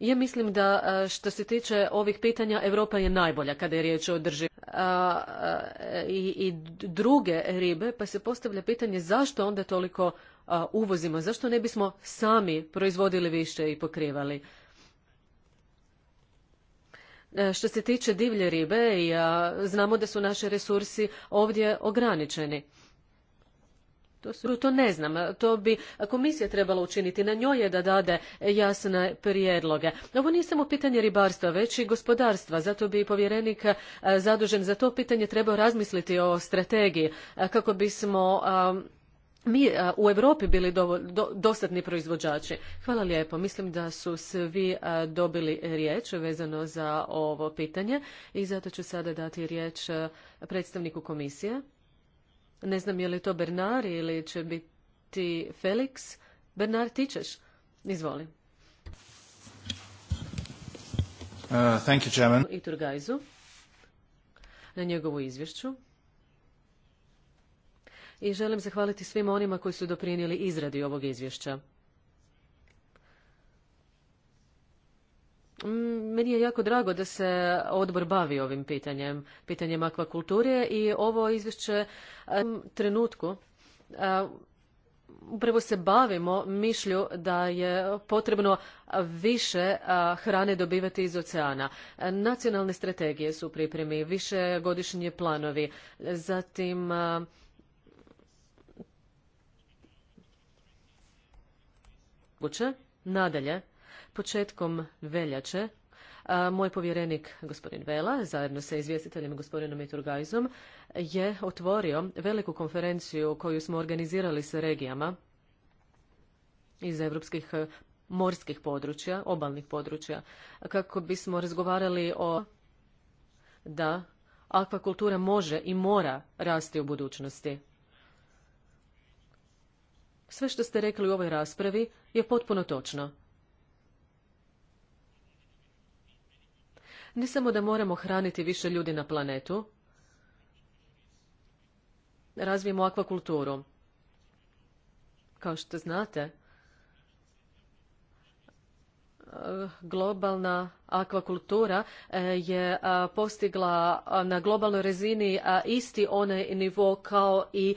Ja mislim da e, što se tiče ovih pitanja Europa je najbolja kada je riječ o drži i, i druge ribe, pa se postavlja pitanje zašto onda toliko uvozimo, zašto ne bismo sami proizvodili više i pokrivali. E, što se tiče divlje ribe, ja, znamo da su naši resursi ovdje ograničeni. To, to ne znam, to bi komisija trebala učiniti. Na njoj je da dade jasne prijedloge. Ovo nije samo pitanje ribarstva, već i gospodarstva. Zato bi povjerenik e, zadužen za to pitanje trebao razmisliti o strategiji e, kako bismo mi e, u Europi bili dostatni proizvođači. Hvala lijepo. Mislim da su svi dobili riječ vezano za ovo pitanje i zato ću sada dati riječ predstavniku komisije. Ne znam je li to Bernard ili će biti Felix. Bernard, ti ćeš? Izvoli. Uh, thank you, I Turgajzu na njegovu izvješću. I želim zahvaliti svima onima koji su doprinijeli izradi ovog izvješća. Mm, meni je jako drago da se odbor bavi ovim pitanjem, pitanjem akvakulture i ovo izvješće trenutku upravo se bavimo mišlju da je potrebno više hrane dobivati iz oceana. Nacionalne strategije su u pripremi, višegodišnji planovi, zatim nadalje Početkom veljače moj povjerenik gospodin Vela zajedno sa izvjestiteljem gospodinom Iturgajzom je otvorio veliku konferenciju koju smo organizirali sa regijama iz europskih e, morskih područja, obalnih područja, kako bismo razgovarali o da akvakultura može i mora rasti u budućnosti. Sve što ste rekli u ovoj raspravi je potpuno točno. Ne samo da moramo hraniti više ljudi na planetu, razvijemo akvakulturu. Kao što znate, globalna akvakultura e, je postigla na globalnoj razini isti onaj nivo kao i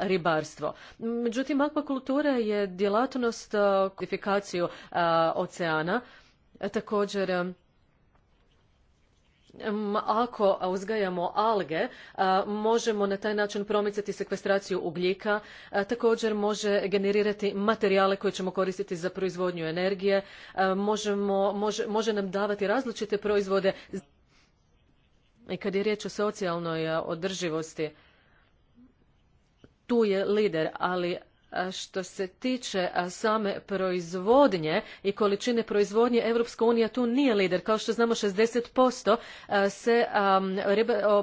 ribarstvo. Međutim, akvakultura je djelatnost kodifikaciju oceana, e, također ako uzgajamo alge možemo na taj način promicati sekvestraciju ugljika također može generirati materijale koje ćemo koristiti za proizvodnju energije možemo, može nam davati različite proizvode i kad je riječ o socijalnoj održivosti tu je lider ali što se tiče same proizvodnje i količine proizvodnje, Europska unija tu nije lider. Kao što znamo, 60% se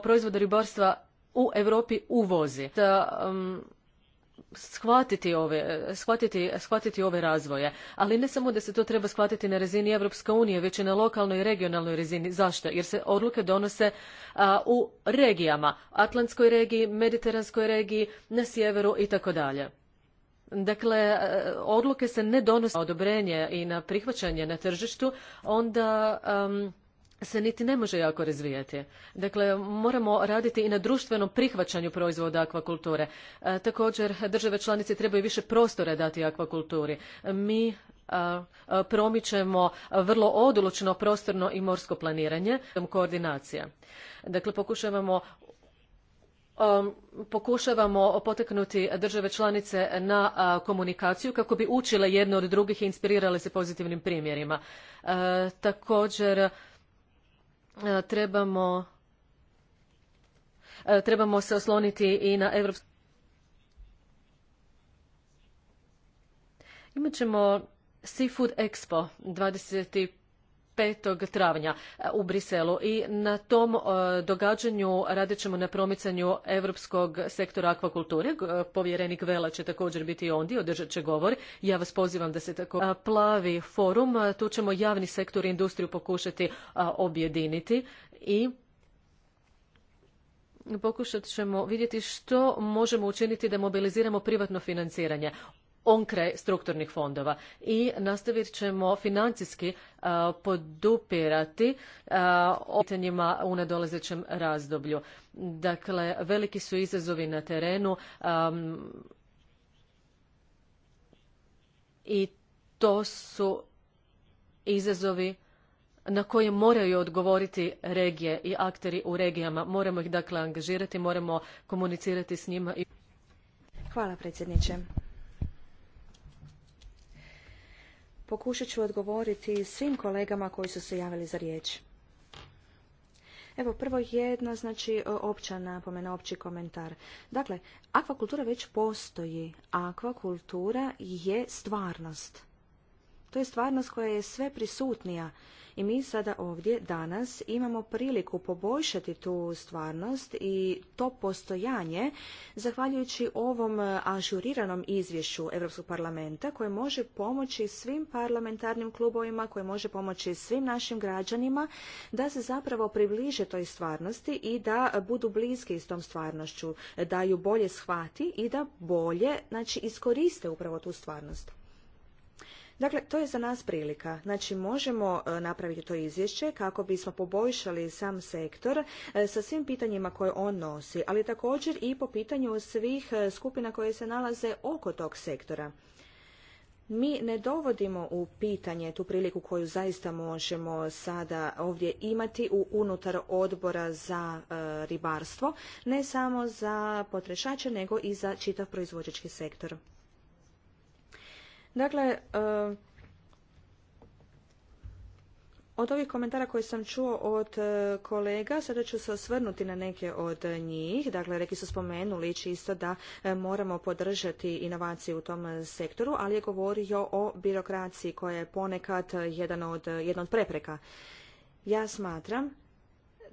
proizvoda ribarstva u Europi uvozi. Da, shvatiti ove, ove razvoje. Ali ne samo da se to treba shvatiti na razini Europske unije, već i na lokalnoj i regionalnoj razini. Zašto? Jer se odluke donose u regijama, Atlantskoj regiji, Mediteranskoj regiji, na sjeveru i tako dalje. Dakle, e, odluke se ne donose na odobrenje i na prihvaćanje na tržištu, onda se niti ne može jako razvijati. Dakle, moramo raditi i na društvenom prihvaćanju proizvoda akvakulture. E, također, države članice trebaju više prostora dati akvakulturi. Mi e, promičemo vrlo odlučno prostorno i morsko planiranje koordinacija. Dakle, pokušavamo Um, pokušavamo poteknuti države članice na komunikaciju kako bi učile jedno od drugih i inspirirale se pozitivnim primjerima. E, također e, trebamo e, trebamo se osloniti i na europsku Imat ćemo Seafood Expo 5. travnja e, u Briselu i na tom e, događanju radit ćemo na promicanju europskog sektora akvakulture. E, povjerenik Vela će također biti ondje, održat će govor. Ja vas pozivam da se tako plavi forum. Tu ćemo javni sektor i industriju pokušati objediniti i pokušat ćemo vidjeti što možemo učiniti da mobiliziramo privatno financiranje onkraj strukturnih fondova i nastavit ćemo financijski podupirati o u nadolazećem razdoblju. Dakle, veliki su izazovi na terenu i to su izazovi na koje moraju odgovoriti regije i akteri u regijama. Moramo ih dakle angažirati, moramo komunicirati s njima. I... Hvala predsjedniče. Pokušat ću odgovoriti svim kolegama koji su se javili za riječ. Evo, prvo jedno, znači, opća napomena, opći komentar. Dakle, akvakultura već postoji. Akvakultura je stvarnost. To je stvarnost koja je sve prisutnija i mi sada ovdje danas imamo priliku poboljšati tu stvarnost i to postojanje zahvaljujući ovom e, ažuriranom izvješću Europskog parlamenta koje može pomoći svim parlamentarnim klubovima, koje može pomoći svim našim građanima da se zapravo približe toj stvarnosti i da budu bliski s tom stvarnošću, e, da ju bolje shvati i da bolje znači, iskoriste upravo tu stvarnost. Dakle, to je za nas prilika. Znači, možemo e, napraviti to izvješće kako bismo poboljšali sam sektor e, sa svim pitanjima koje on nosi, ali također i po pitanju svih e, skupina koje se nalaze oko tog sektora. Mi ne dovodimo u pitanje tu priliku koju zaista možemo sada ovdje imati u unutar odbora za ribarstvo, ne samo za potrešače, nego i za čitav proizvođački sektor. Dakle, e, od ovih komentara koje sam čuo od e, kolega, sada ću se osvrnuti na neke od e, njih. Dakle, neki su spomenuli čisto da moramo podržati inovacije u tom sektoru, ali je govorio o birokraciji koja je ponekad jedan od, jedan od prepreka. Ja smatram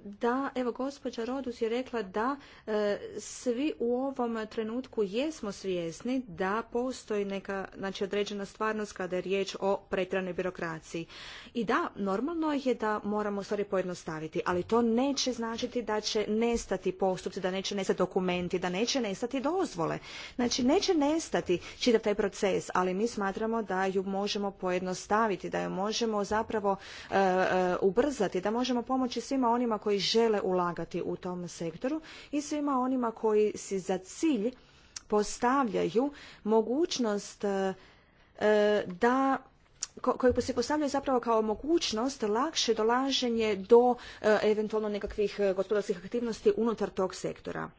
da, evo gospođa Rodus je rekla da e, svi u ovom trenutku jesmo svjesni da postoji neka znači određena stvarnost kada je riječ o pretranoj birokraciji. I da, normalno je da moramo stvari pojednostaviti, ali to neće značiti da će nestati postupci, da neće nestati dokumenti, da neće nestati dozvole. Znači neće nestati čitav taj proces, ali mi smatramo da ju možemo pojednostaviti, da ju možemo zapravo e, e, ubrzati, da možemo pomoći svima onima koji žele ulagati u tom sektoru i svima onima koji si za cilj postavljaju mogućnost e, e, da koji se postavljaju zapravo kao mogućnost lakše dolaženje do e, eventualno nekakvih gospodarskih aktivnosti unutar tog sektora.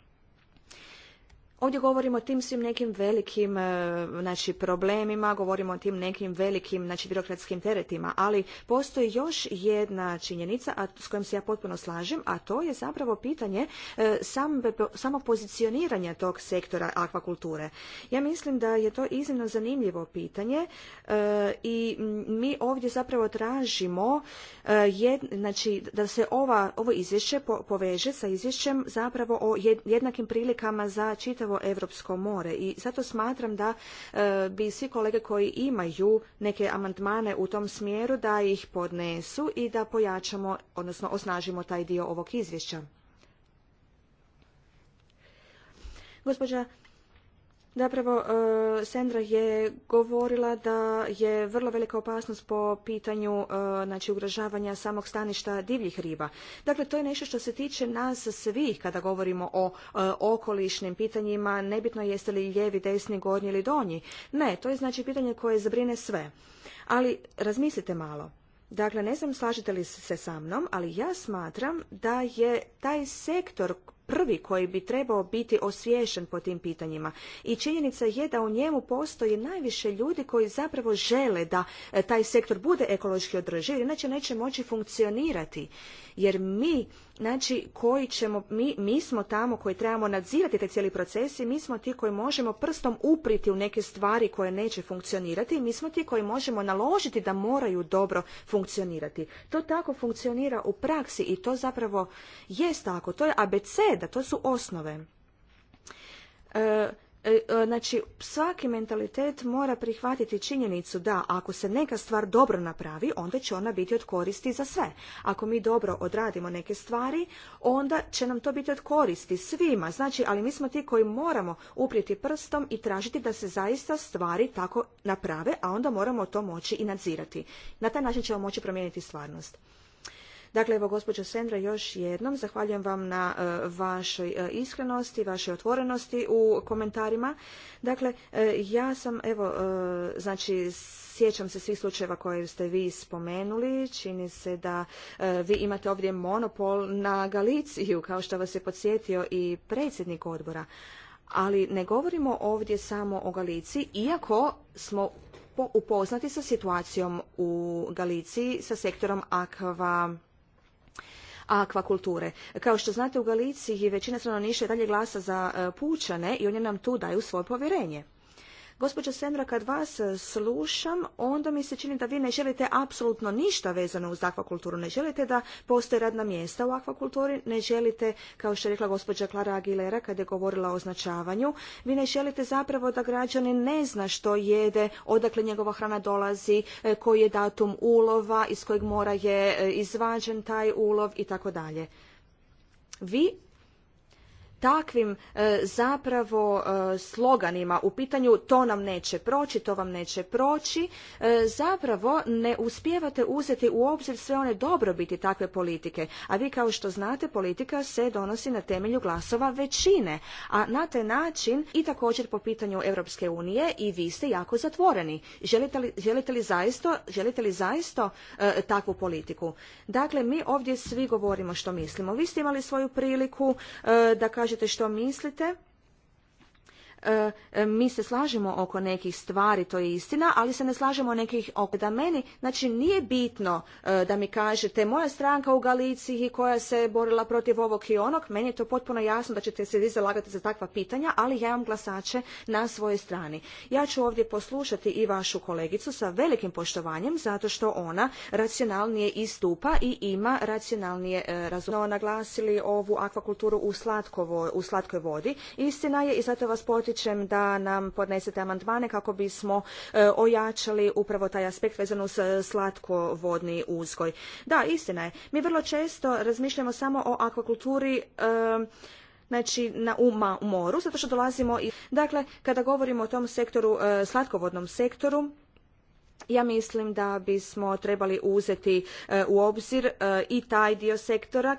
Ovdje govorimo o tim svim nekim velikim e, znači, problemima, govorimo o tim nekim velikim znači, birokratskim teretima, ali postoji još jedna činjenica a, s kojom se ja potpuno slažem, a to je zapravo pitanje e, samo pozicioniranja tog sektora akvakulture. Ja mislim da je to iznimno zanimljivo pitanje e, i mi ovdje zapravo tražimo znači, da se ova, ovo izvješće poveže sa izvješćem zapravo o jednakim prilikama za čitav Europsko more i zato smatram da e, bi svi kolege koji imaju neke amandmane u tom smjeru da ih podnesu i da pojačamo, odnosno osnažimo taj dio ovog izvješća. Gospođa Zapravo, e, Sandra je govorila da je vrlo velika opasnost po pitanju e, znači, ugrožavanja samog staništa divljih riba. Dakle, to je nešto što se tiče nas svih kada govorimo o e, okolišnim pitanjima, nebitno jeste li lijevi, desni, gornji ili donji. Ne, to je znači pitanje koje zabrine sve. Ali razmislite malo. Dakle, ne znam slažite li se sa mnom, ali ja smatram da je taj sektor prvi koji bi trebao biti osviješen po tim pitanjima. I činjenica je da u njemu postoji najviše ljudi koji zapravo žele da e, taj sektor bude ekološki održiv, inače neće moći funkcionirati. Jer mi, znači, koji ćemo, mi, mi smo tamo koji trebamo nadzirati te cijeli procesi. mi smo ti koji možemo prstom upriti u neke stvari koje neće funkcionirati mi smo ti koji možemo naložiti da moraju dobro funkcionirati. To tako funkcionira u praksi i to zapravo jest tako. To je ABC da, to su osnove. E, e, znači svaki mentalitet mora prihvatiti činjenicu da ako se neka stvar dobro napravi, onda će ona biti od koristi za sve. Ako mi dobro odradimo neke stvari, onda će nam to biti od koristi svima. Znači, ali mi smo ti koji moramo uprijeti prstom i tražiti da se zaista stvari tako naprave, a onda moramo to moći i nadzirati. Na taj način ćemo moći promijeniti stvarnost. Dakle, evo gospođo Sendra, još jednom zahvaljujem vam na e, vašoj e, iskrenosti, vašoj otvorenosti u komentarima. Dakle, e, ja sam, evo, znači, sjećam se svih slučajeva koje ste vi spomenuli. Čini se da vi imate ovdje monopol na Galiciju, kao što vas je podsjetio i predsjednik odbora. Ali ne govorimo ovdje samo o Galiciji, iako smo upoznati sa situacijom u Galiciji, sa sektorom akva akvakulture. Kao što znate u Galiciji većina stanovništva dalje glasa za e, pučane i oni nam tu daju svoje povjerenje. Gospođo Senra, kad vas e, slušam, onda mi se čini da vi ne želite apsolutno ništa vezano uz akvakulturu. Ne želite da postoje radna mjesta u akvakulturi, ne želite, kao što je rekla gospođa Klara Aguilera kad je govorila o označavanju, vi ne želite zapravo da građani ne zna što jede, odakle njegova hrana dolazi, e, koji je datum ulova, iz kojeg mora je e, izvađen taj ulov i tako dalje. Vi takvim e, zapravo e, sloganima u pitanju to nam neće proći, to vam neće proći, e, zapravo ne uspijevate uzeti u obzir sve one dobrobiti takve politike. A vi kao što znate politika se donosi na temelju glasova većine. A na taj način i također po pitanju Europske unije i vi ste jako zatvoreni. Želite li, želite zaista, želite li zaista takvu politiku? Dakle, mi ovdje svi govorimo što mislimo. Vi ste imali svoju priliku da kažete kažete što mislite E, e, mi se slažemo oko nekih stvari, to je istina, ali se ne slažemo nekih oko da meni, znači nije bitno e, da mi kažete moja stranka u Galiciji koja se borila protiv ovog i onog, meni je to potpuno jasno da ćete se vi zalagati za takva pitanja, ali ja imam glasače na svojoj strani. Ja ću ovdje poslušati i vašu kolegicu sa velikim poštovanjem zato što ona racionalnije istupa i ima racionalnije razumije. naglasili ovu akvakulturu u, slatkoj vodi. Istina je i zato vas potiče ističem da nam podnesete amandmane kako bismo e, ojačali upravo taj aspekt vezano uz e, slatkovodni uzgoj. Da, istina je. Mi vrlo često razmišljamo samo o akvakulturi e, znači na uma moru zato što dolazimo i dakle kada govorimo o tom sektoru slatkovodnom sektoru ja mislim da bismo trebali uzeti u obzir i taj dio sektora